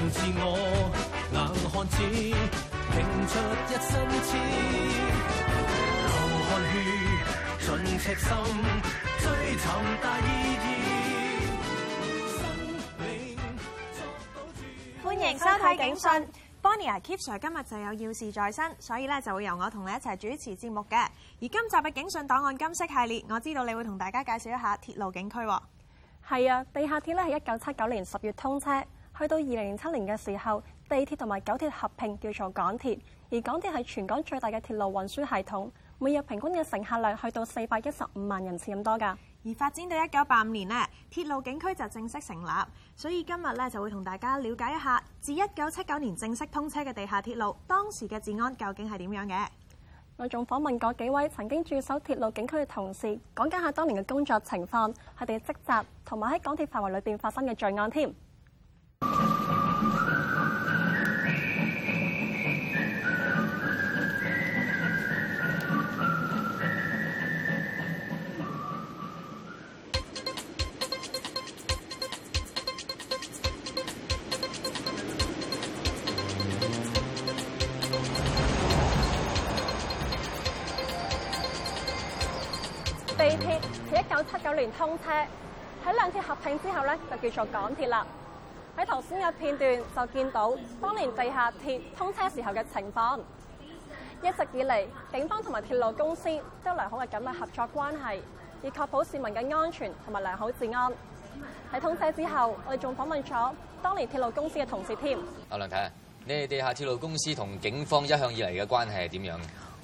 拼出一生。流汗血，赤心，追尋大意義生命。歡迎收睇《警訊》Bonnie、啊、Kip Sir 今日就有要事在身，所以咧就會由我同你一齊主持節目嘅。而今集嘅《警訊檔案金色系列》，我知道你會同大家介紹一下鐵路警區。係啊，地下鐵咧係一九七九年十月通車。去到二零零七年嘅時候，地鐵同埋九鐵合併，叫做港鐵。而港鐵係全港最大嘅鐵路運輸系統，每日平均嘅乘客量去到四百一十五萬人次咁多㗎。而發展到一九八五年呢，鐵路警區就正式成立。所以今日咧就會同大家了解一下自一九七九年正式通車嘅地下鐵路當時嘅治安究竟係點樣嘅？我仲訪問過幾位曾經駐守鐵路警區嘅同事，講解下當年嘅工作情況，佢哋嘅職責同埋喺港鐵範圍裏邊發生嘅罪案添。地鐵喺一九七九年通車，喺兩鐵合併之後咧，就叫做港鐵啦。喺頭先嘅片段就見到當年地下鐵通車時候嘅情況。一直以嚟，警方同埋鐵路公司都有良好嘅緊密合作關係，以確保市民嘅安全同埋良好治安。喺通車之後，我哋仲訪問咗當年鐵路公司嘅同事添。阿梁太，你哋地下鐵路公司同警方一向以嚟嘅關係係點樣？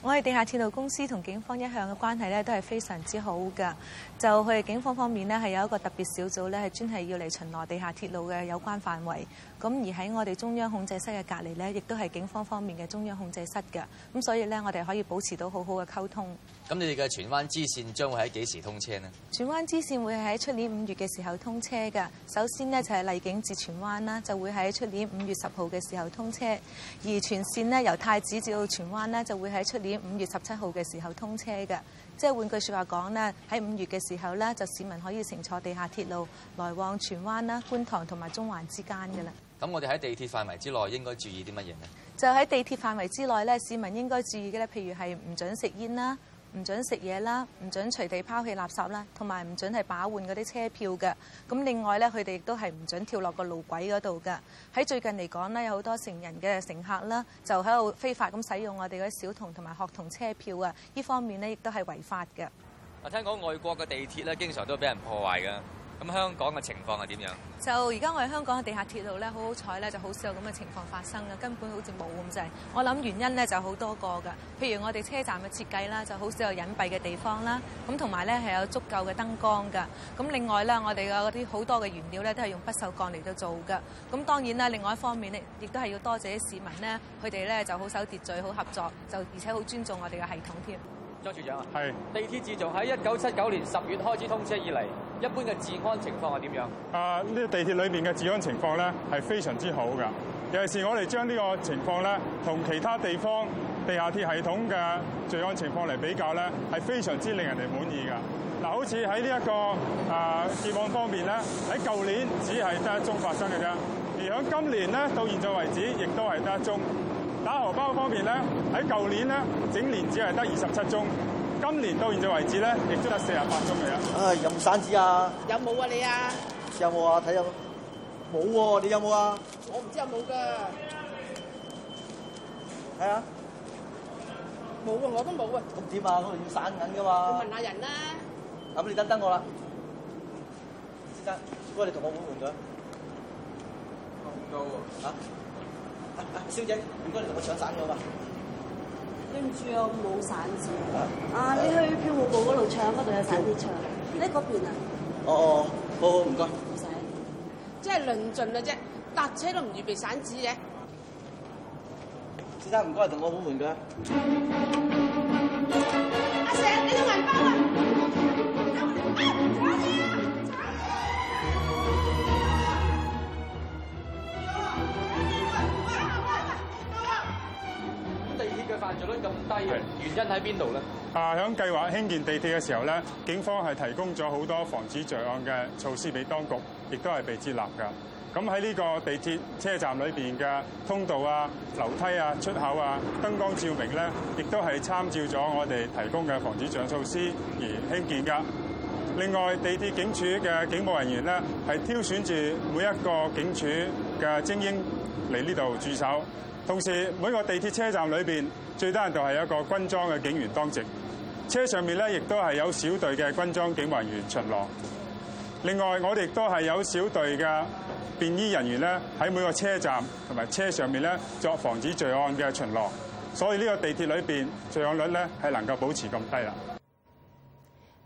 我哋地下鐵路公司同警方一向嘅關係咧，都係非常之好嘅。就佢哋警方方面咧，係有一個特別小組咧，係專係要嚟巡邏地下鐵路嘅有關範圍。咁而喺我哋中央控制室嘅隔離呢，亦都係警方方面嘅中央控制室嘅，咁所以呢，我哋可以保持到好好嘅溝通。咁你哋嘅荃灣支線將會喺幾時通車呢？荃灣支線會喺出年五月嘅時候通車㗎。首先呢，就係荔景至荃灣啦，就會喺出年五月十號嘅時候通車，而全線呢，由太子至到荃灣呢，就會喺出年五月十七號嘅時候通車嘅。即係換句説話講咧，喺五月嘅時候咧，就市民可以乘坐地下鐵路來往荃灣啦、觀塘同埋中環之間嘅啦。咁我哋喺地鐵範圍之內應該注意啲乜嘢咧？就喺地鐵範圍之內咧，市民應該注意嘅咧，譬如係唔准食煙啦。唔准食嘢啦，唔准隨地拋棄垃圾啦，同埋唔准係把換嗰啲車票嘅。咁另外咧，佢哋亦都係唔准跳落個路軌嗰度㗎。喺最近嚟講咧，有好多成人嘅乘客啦，就喺度非法咁使用我哋嗰啲小童同埋學童車票啊。呢方面咧，亦都係違法嘅。啊，聽講外國嘅地鐵咧，經常都俾人破壞㗎。咁香港嘅情況係點樣？就而家我哋香港嘅地下鐵路咧，好好彩咧，就好少有咁嘅情況發生嘅，根本好似冇咁滯。我諗原因咧就好多個㗎。譬如我哋車站嘅設計啦，就好少有隱蔽嘅地方啦。咁同埋咧係有足夠嘅燈光㗎。咁另外咧，我哋嘅嗰啲好多嘅原料咧都係用不鏽鋼嚟到做㗎。咁當然啦，另外一方面咧，亦都係要多謝啲市民咧，佢哋咧就好守秩序、好合作，就而且好尊重我哋嘅系統添。張處長，係是地鐵自從喺一九七九年十月開始通車以嚟，一般嘅治安情況係點樣？啊，呢、這個、地鐵裏邊嘅治安情況咧，係非常之好噶。尤其是我哋將呢個情況咧，同其他地方地下鐵系統嘅治安情況嚟比較咧，係非常之令人哋滿意噶。嗱、啊，好似喺呢一個啊，治安方面咧，喺舊年只係得一宗發生嘅啫，而喺今年咧，到現在為止亦都係得一宗。打荷包方面咧，喺舊年咧整年只係得二十七宗，今年到現在為止咧，亦都得四十八宗嚟。哎、有冇啊，有冇散紙啊？有冇啊你啊？有冇啊？睇下咯。冇喎，啊，你有冇啊，啊，啊？我唔知有冇㗎。睇下。冇啊，我都冇啊。咁點啊？嗰度要散銀㗎嘛？我問下人啦。咁你等等我啦。得。唔該，你同我換換咗。高唔高啊？啊小姐，唔該，你同我唱散咗嘛？對唔住，我冇散紙。啊，啊，你去票務部嗰度唱，嗰度有散紙唱。嗯、你喺嗰邊啊哦？哦，好好，唔該。唔使。即係臨盡啦啫，搭車都唔預備散紙嘅。先生，唔該，同我換換㗎。阿 Sir，你都銀包啊！犯罪率咁低，原因喺邊度咧？啊，響計劃興建地鐵嘅時候咧，警方係提供咗好多防止罪案嘅措施俾當局，亦都係被接納噶。咁喺呢個地鐵車站裏邊嘅通道啊、樓梯啊、出口啊、燈光照明咧，亦都係參照咗我哋提供嘅防止罪案措施而興建噶。另外，地鐵警署嘅警務人員咧，係挑選住每一個警署嘅精英嚟呢度駐守。同時，每個地鐵車站裏邊最低限度係一個軍裝嘅警員當值，車上面咧亦都係有小隊嘅軍裝警務人員巡邏。另外，我哋亦都係有小隊嘅便衣人員咧喺每個車站同埋車上面咧作防止罪案嘅巡邏，所以呢個地鐵裏邊罪案率咧係能夠保持咁低啦。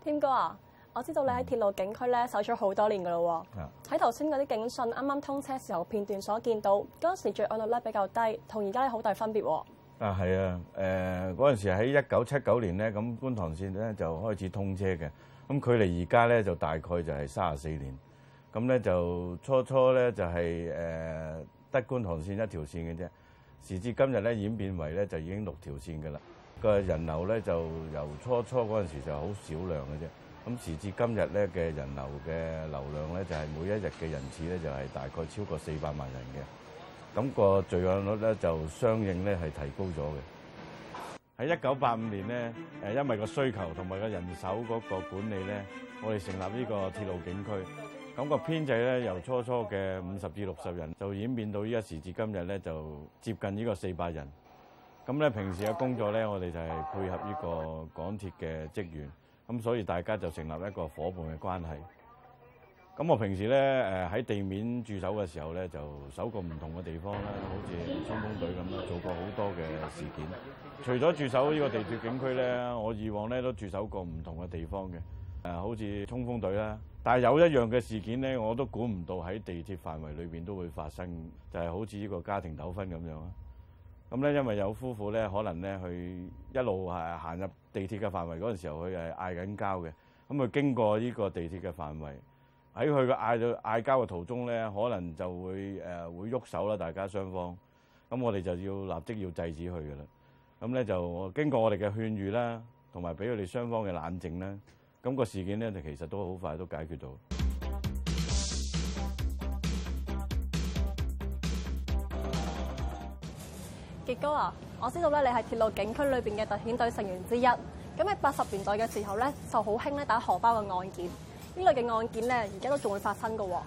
天哥啊！我知道你喺鐵路警區咧，守咗好多年噶啦喎。喺頭先嗰啲警訊，啱啱通車的時候片段所見到，嗰陣時罪案率咧比較低，同而家嘅好大分別喎，啊。啊，係啊，誒嗰陣時喺一九七九年咧，咁觀塘線咧就開始通車嘅。咁距離而家咧就大概就係三十四年。咁咧就初初咧就係誒得觀塘線一條線嘅啫。時至今日咧，演變為咧就已經六條線嘅啦。個人流咧就由初初嗰陣時就好少量嘅啫。咁時至今日咧嘅人流嘅流量咧，就係每一日嘅人次咧，就係大概超過四百萬人嘅。咁個罪案率咧就相應咧係提高咗嘅。喺一九八五年咧，誒因為個需求同埋個人手嗰個管理咧，我哋成立呢個鐵路警區。咁個編制咧由初初嘅五十至六十人，就演變到依家時至今日咧就接近呢個四百人。咁咧平時嘅工作咧，我哋就係配合呢個港鐵嘅職員。咁所以大家就成立一個夥伴嘅關係。咁我平時咧誒喺地面駐守嘅時候咧，就守過唔同嘅地方啦，好似衝鋒隊咁樣，做過好多嘅事件。除咗駐守呢個地鐵警區咧，我以往咧都駐守過唔同嘅地方嘅，誒好似衝鋒隊啦。但係有一樣嘅事件咧，我都估唔到喺地鐵範圍裏邊都會發生，就係好似呢個家庭糾紛咁樣啊。咁咧，因為有夫婦咧，可能咧佢一路係行入地鐵嘅範圍嗰陣時候，佢係嗌緊交嘅。咁佢經過呢個地鐵嘅範圍，喺佢嘅嗌到嗌交嘅途中咧，可能就會誒、呃、會喐手啦，大家雙方。咁我哋就要立即要制止佢㗎啦。咁咧就經過我哋嘅勸喻啦，同埋俾佢哋雙方嘅冷靜啦。咁、個事件咧就其實都好快都解決到。杰哥啊，我知道咧，你係鐵路警區裏邊嘅特遣隊成員之一。咁喺八十年代嘅時候咧，就好興咧打荷包嘅案件，呢類嘅案件咧，而家都仲會發生㗎喎、哦。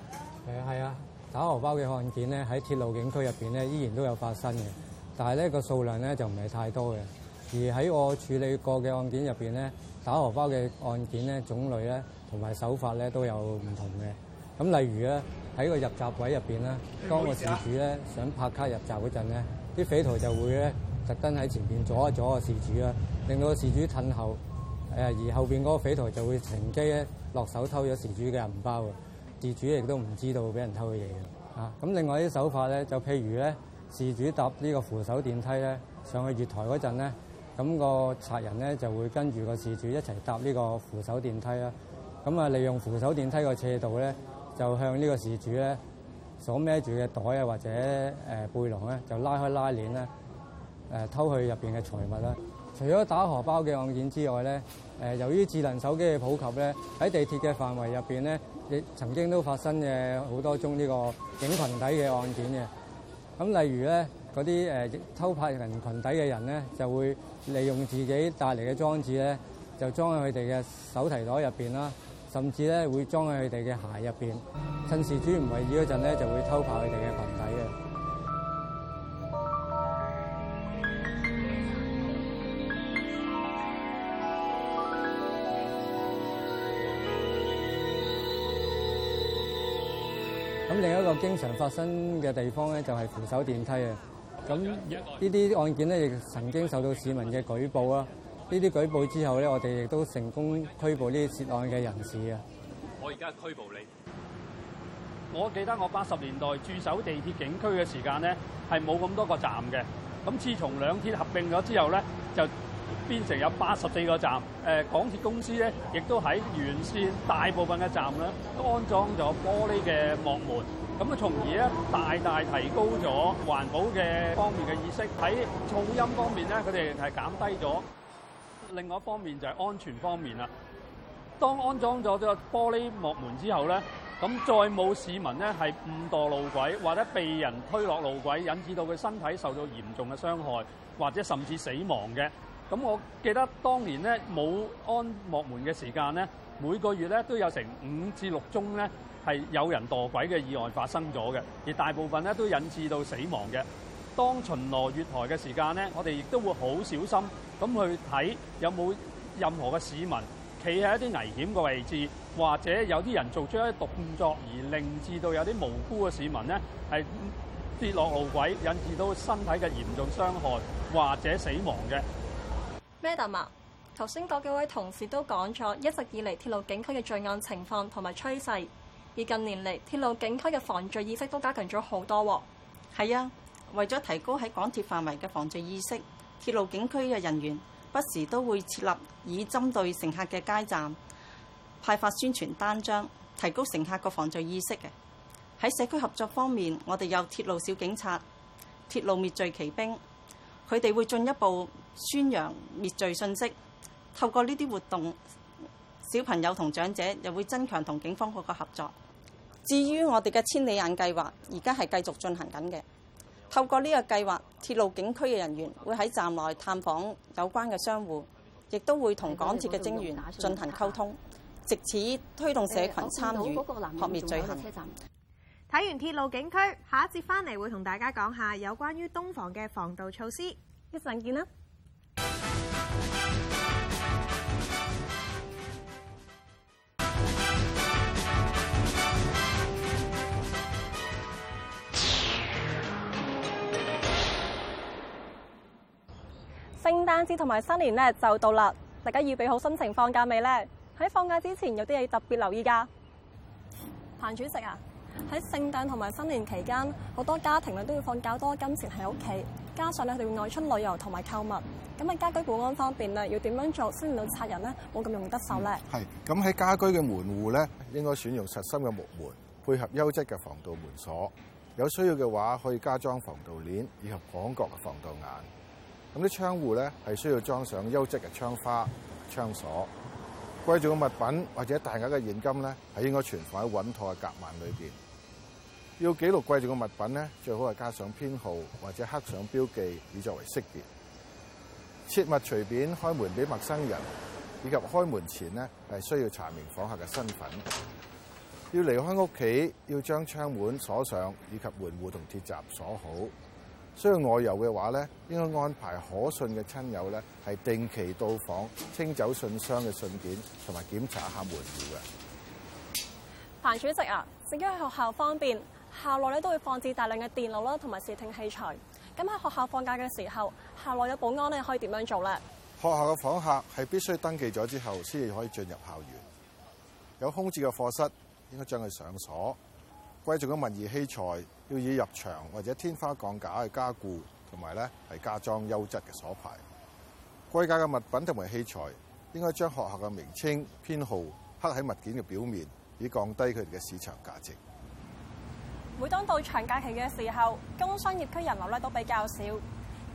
係啊、嗯，係啊，打荷包嘅案件咧，喺鐵路警區入邊咧，依然都有發生嘅。但係咧個數量咧就唔係太多嘅。而喺我處理過嘅案件入邊咧，打荷包嘅案件咧，種類咧同埋手法咧都有唔同嘅。咁例如咧喺個入閘位入邊咧，當、個事主咧想拍卡入閘嗰陣咧。啲匪徒就會咧，特登喺前面阻一阻個事主啊，令到個事主褪後，誒而後面嗰個匪徒就會乘機咧落手偷咗事主嘅銀包喎。事主亦都唔知道俾人偷嘢嘅。嚇、啊，咁另外啲手法咧，就譬如咧，事主搭呢個扶手電梯咧，上去月台嗰陣咧，咁、嗰個賊人咧就會跟住個事主一齊搭呢個扶手電梯啦。咁啊，利用扶手電梯個斜度咧，就向呢個事主咧，所孭住嘅袋啊，或者、呃、背囊咧，就拉開拉鏈啦、呃，偷去入面嘅財物啦。除咗打荷包嘅案件之外咧、呃，由於智能手機嘅普及咧，喺地鐵嘅範圍入面咧，亦曾經都發生嘅好多宗呢個影裙底嘅案件嘅。咁例如咧，嗰啲、呃、偷拍人裙底嘅人咧，就會利用自己帶嚟嘅裝置咧，就裝喺佢哋嘅手提袋入邊啦。甚至咧，會裝喺佢哋嘅鞋入邊，趁事主唔為意嗰陣咧，就會偷拍佢哋嘅裙底嘅。咁 另一個經常發生嘅地方咧，就係扶手電梯啊。咁呢啲案件咧，亦曾經受到市民嘅舉報啊。呢啲舉報之後咧，我哋亦都成功拘捕呢啲涉案嘅人士啊！我而家拘捕你。我記得我八十年代駐守地鐵警區嘅時間咧，係冇咁多個站嘅。咁自從兩鐵合併咗之後咧，就變成有八十幾個站。誒、呃，港鐵公司咧亦都喺沿線大部分嘅站咧都安裝咗玻璃嘅幕門，咁啊，從而咧大大提高咗環保嘅方面嘅意識。喺噪音方面咧，佢哋係減低咗。另外一方面就係安全方面啦。當安裝咗呢個玻璃幕門之後咧，咁再冇市民咧係誤墮路軌或者被人推落路軌，引致到佢身體受到嚴重嘅傷害，或者甚至死亡嘅。咁我記得當年咧冇安幕門嘅時間咧，每個月咧都有成五至六宗咧係有人墮軌嘅意外發生咗嘅，而大部分咧都引致到死亡嘅。當巡邏月台嘅時間呢，我哋亦都會好小心咁去睇有冇任何嘅市民企喺一啲危險嘅位置，或者有啲人做出一啲動作，而令至到有啲無辜嘅市民呢係跌落路軌，引致到身體嘅嚴重傷害或者死亡嘅。Madam 啊，頭先嗰幾位同事都講咗，一直以嚟鐵路警區嘅罪案情況同埋趨勢，而近年嚟鐵路警區嘅防罪意識都加強咗好多喎。係啊。為咗提高喺港鐵範圍嘅防罪意識，鐵路警區嘅人員不時都會設立以針對乘客嘅街站，派發宣傳單張，提高乘客個防罪意識嘅。喺社區合作方面，我哋有鐵路小警察、鐵路滅罪奇兵，佢哋會進一步宣揚滅罪信息。透過呢啲活動，小朋友同長者又會增強同警方嗰個合作。至於我哋嘅千里眼計劃，而家係繼續進行緊嘅。透過呢個計劃，鐵路警區嘅人員會喺站內探訪有關嘅商戶，亦都會同港鐵嘅職員進行溝通，藉此推動社群參與撲滅罪行。睇完鐵路警區，下一節翻嚟會同大家講下有關於東防嘅防盜措施。一陣見啦！聖誕節同埋新年咧就到啦，大家預備好心情放假未咧？喺放假之前有啲嘢特別留意噶。彭主席啊，喺聖誕同埋新年期間，好多家庭啊都要放較多金錢喺屋企，加上咧佢哋會外出旅遊同埋購物，咁喺家居保安方面啊，要點樣做先令到賊人咧冇咁容易得手咧？係，咁喺家居嘅門戶咧，應該選用實心嘅木門，配合優質嘅防盜門鎖，有需要嘅話可以加裝防盜鏈以及廣角嘅防盜眼。咁啲窗戶咧，係需要裝上優質嘅窗花、窗鎖。貴重嘅物品或者大額嘅現金咧，係應該存放喺穩妥嘅夾萬裏面。要記錄貴重嘅物品咧，最好係加上編號或者刻上標記，以作為識別。切勿隨便開門俾陌生人，以及開門前呢，係需要查明訪客嘅身份。要離開屋企，要將窗門鎖上，以及門戶同鐵閘鎖好。需要外遊嘅話咧，應該安排可信嘅親友咧，係定期到訪清走信箱嘅信件，同埋檢查下門戶嘅。彭主席啊，至於喺學校方面校內咧，都會放置大量嘅電腦啦，同埋視聽器材。咁喺學校放假嘅時候，校內嘅保安咧，可以點樣做咧？學校嘅房客係必須登記咗之後，先至可以進入校園。有空置嘅課室，應該將佢上鎖，貴重嘅文儀器材。要以入牆或者天花鋼架去加固，同埋咧係加裝優質嘅鎖牌。貴價嘅物品同埋器材應該將學校嘅名稱編號刻喺物件嘅表面，以降低佢哋嘅市場價值。每當到長假期嘅時候，工商業區人流咧都比較少，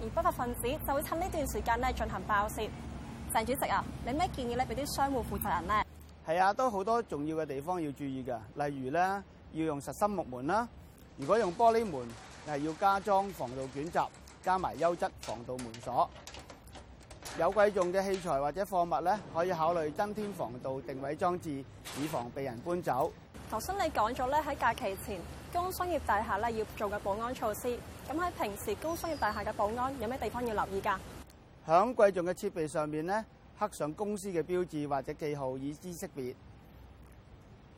而不法分子就會趁呢段時間咧進行爆竊。鄭主席啊，你咩建議咧？俾啲商戶負責人咧？係啊，都好多重要嘅地方要注意嘅，例如咧要用實心木門啦。如果用玻璃門，係要加裝防盜捲閘，加埋優質防盜門鎖。有貴重嘅器材或者貨物咧，可以考慮增添防盜定位裝置，以防被人搬走。頭先你講咗咧喺假期前工商業大廈咧要做嘅保安措施，咁喺平時工商業大廈嘅保安有咩地方要留意噶？響貴重嘅設備上面咧，刻上公司嘅標誌或者記號，以資識別。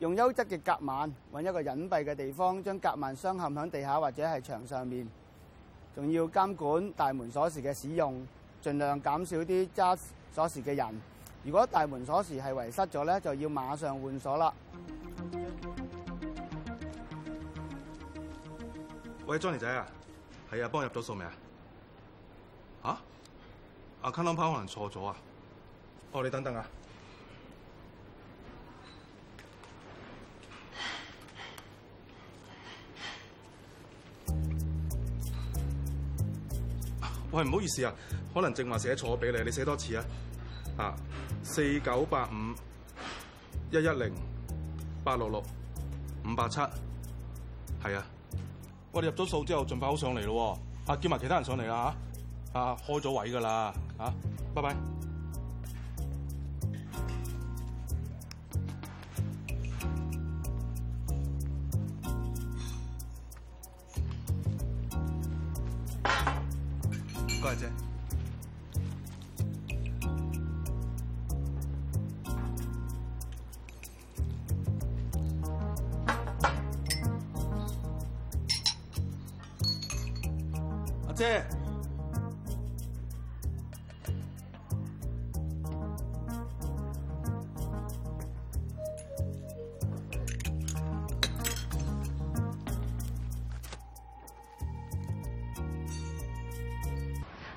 用優質嘅夾萬，揾一個隱蔽嘅地方，將夾萬鑲嵌喺地下或者係牆上面。仲要監管大門鎖匙嘅使用，盡量減少啲揸鎖匙嘅人。如果大門鎖匙係遺失咗咧，就要馬上換鎖啦。喂，Johnny 仔啊，係啊，幫我入咗數未啊？嚇、啊？卡 number 可能錯咗啊？哦，你等等啊！我係唔好意思啊，可能正話寫錯俾你，你寫多次啊。啊，四九八五一一零八六六五八七，係啊。喂，我哋入咗數之後，盡快好上嚟咯、啊。啊，叫埋其他人上嚟啦，吓、啊，啊，開咗位噶啦，啊，拜拜。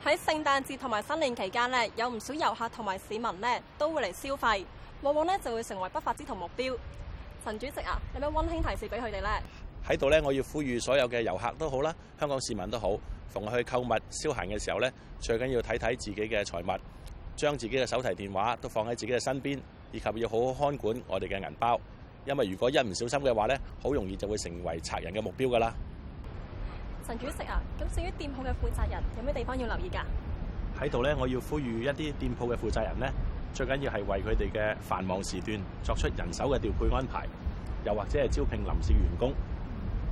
喺聖誕節同埋新年期間呢，有唔少遊客同埋市民呢，都會嚟消費，往往呢，就會成為不法之徒目標。陳主席啊，你有咩溫馨提示俾佢哋呢？喺度呢，我要呼籲所有嘅遊客都好啦，香港市民都好，逢去購物消閒嘅時候呢，最緊要睇睇自己嘅財物，將自己嘅手提電話都放喺自己嘅身邊，以及要好好看管我哋嘅銀包，因為如果一唔小心嘅話呢，好容易就會成為賊人嘅目標噶啦。陳主席啊，咁至於店鋪嘅負責人，有咩地方要留意噶？喺度咧，我要呼籲一啲店鋪嘅負責人咧，最緊要係為佢哋嘅繁忙時段作出人手嘅調配安排，又或者係招聘臨時員工。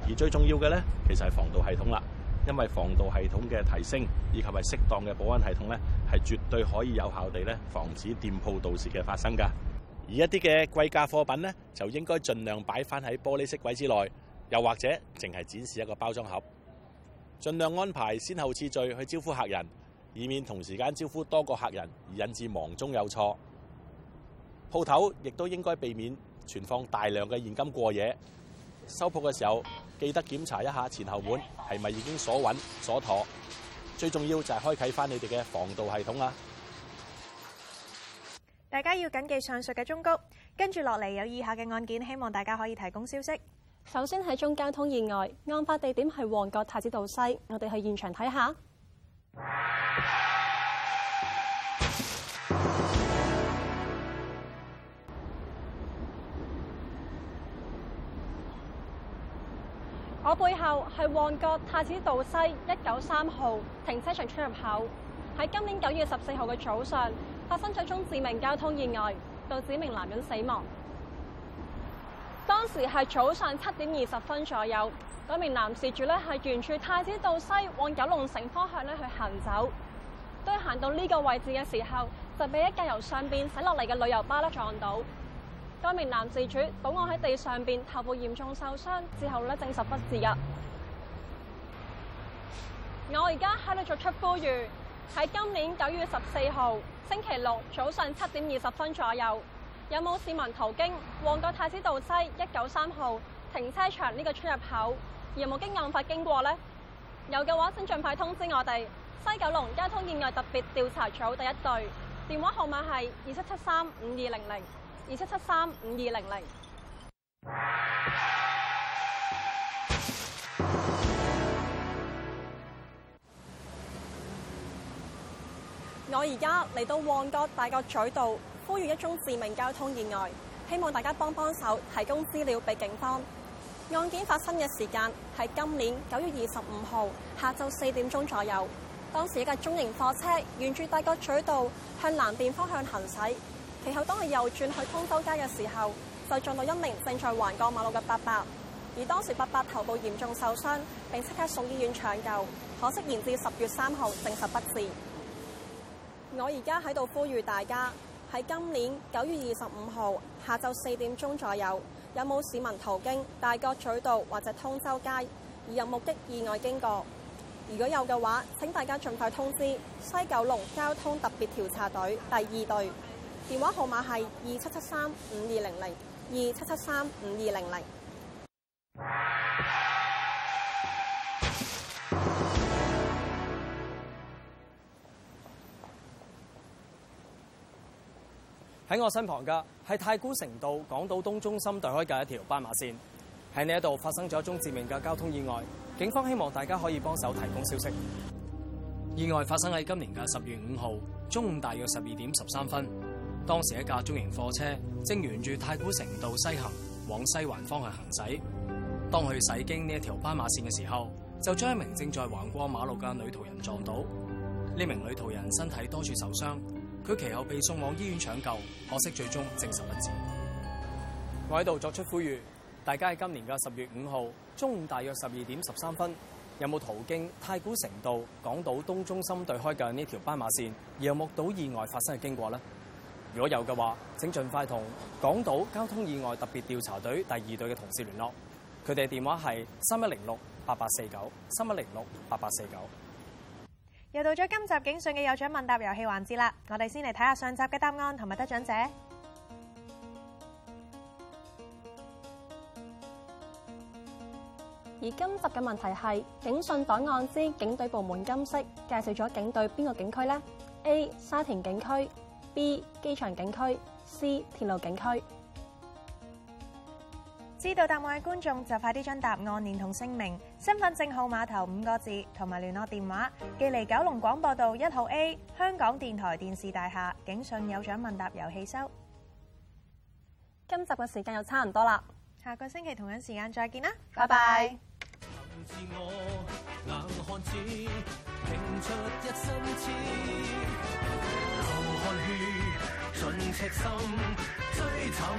而最重要嘅咧，其實係防盜系統啦，因為防盜系統嘅提升以及係適當嘅保安系統咧，係絕對可以有效地咧防止店鋪盜竊嘅發生噶。而一啲嘅貴價貨品咧，就應該盡量擺翻喺玻璃飾櫃之內，又或者淨係展示一個包裝盒。盡量安排先後次序去招呼客人，以免同時間招呼多個客人而引致忙中有錯。鋪頭亦都應該避免存放大量嘅現金過夜。收鋪嘅時候記得檢查一下前後門係咪已經鎖穩鎖妥。最重要就係開啟翻你哋嘅防盜系統啊！大家要謹記上述嘅忠告。跟住落嚟有以下嘅案件，希望大家可以提供消息。首先係宗交通意外，案發地點係旺角太子道西，我哋去現場睇下。我背後係旺角太子道西一九三號停車場出入口，喺今年九月十四號嘅早上，發生咗宗致命交通意外，導致一名男人死亡。當時係早上七點二十分左右，嗰名男事主咧，係沿住太子道西往九龍城方向咧去行走，當行到呢個位置嘅時候，就俾一架由上邊駛落嚟嘅旅遊巴撞到。嗰名男事主倒卧喺地上邊，頭部嚴重受傷，之後咧證實不治。入我而家喺度作出呼籲，喺今年九月十四號星期六早上七點二十分左右。有冇市民途經旺角太子道西一九三號停車場呢個出入口有冇經案發經過呢，有嘅話，請盡快通知我哋西九龍交通意外特別調查組第一隊，電話號碼係二七七三五二零零二七七三五二零零。200, 我而家嚟到旺角大角咀道。呼籲一宗致命交通意外，希望大家幫幫手，提供資料俾警方。案件發生嘅時間係今年九月二十五號下晝四點鐘左右。當時一架中型貨車沿住大角咀道向南邊方向行駛，其後當佢右轉去通州街嘅時候，就撞到一名正在橫過馬路嘅伯伯。而當時伯伯頭部嚴重受傷，並即刻送醫院搶救，可惜延至十月三號證實不治。我而家喺度呼籲大家。喺今年九月二十五號下晝四點鐘左右，有冇市民途經大角咀道或者通州街而有目的意外經過？如果有嘅話，請大家盡快通知西九龍交通特別調查隊第二隊，電話號碼係二七七三五二零零二七七三五二零零。喺我身旁嘅係太古城道港島東中心對開嘅一條斑馬線，喺呢一度發生咗一宗致命嘅交通意外。警方希望大家可以幫手提供消息。意外發生喺今年嘅十月五號中午大約十二點十三分，當時一架中型貨車正沿住太古城道西行往西環方向行駛，當佢駛經呢一條斑馬線嘅時候，就將一名正在橫過馬路嘅女途人撞到。呢名女途人身體多處受傷。佢其後被送往醫院搶救，可惜最終證實不治。我喺度作出呼籲，大家喺今年嘅十月五號中午大約十二點十三分，有冇途經太古城道港島東中心對開嘅呢條斑馬線，而目睹意外發生嘅經過呢？如果有嘅話，請盡快同港島交通意外特別調查隊第二隊嘅同事聯絡，佢哋電話係三一零六八八四九，三一零六八八四九。又到咗今集警訊嘅有獎問答遊戲環節啦！我哋先嚟睇下上集嘅答案同埋得獎者。而今集嘅問題係《警訊檔案》之警隊部門今昔介紹咗警隊邊個警區呢？A. 沙田警區，B. 機場警區，C. 鐵路警區。知道答案嘅觀眾就快啲將答案連同姓名、身份證號碼頭五個字同埋聯絡電話寄嚟九龍廣播道一號 A 香港電台電視大廈警訊有獎問答遊戲收。今集嘅時間又差唔多啦，下個星期同樣時間再見啦，bye bye 拜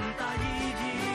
拜。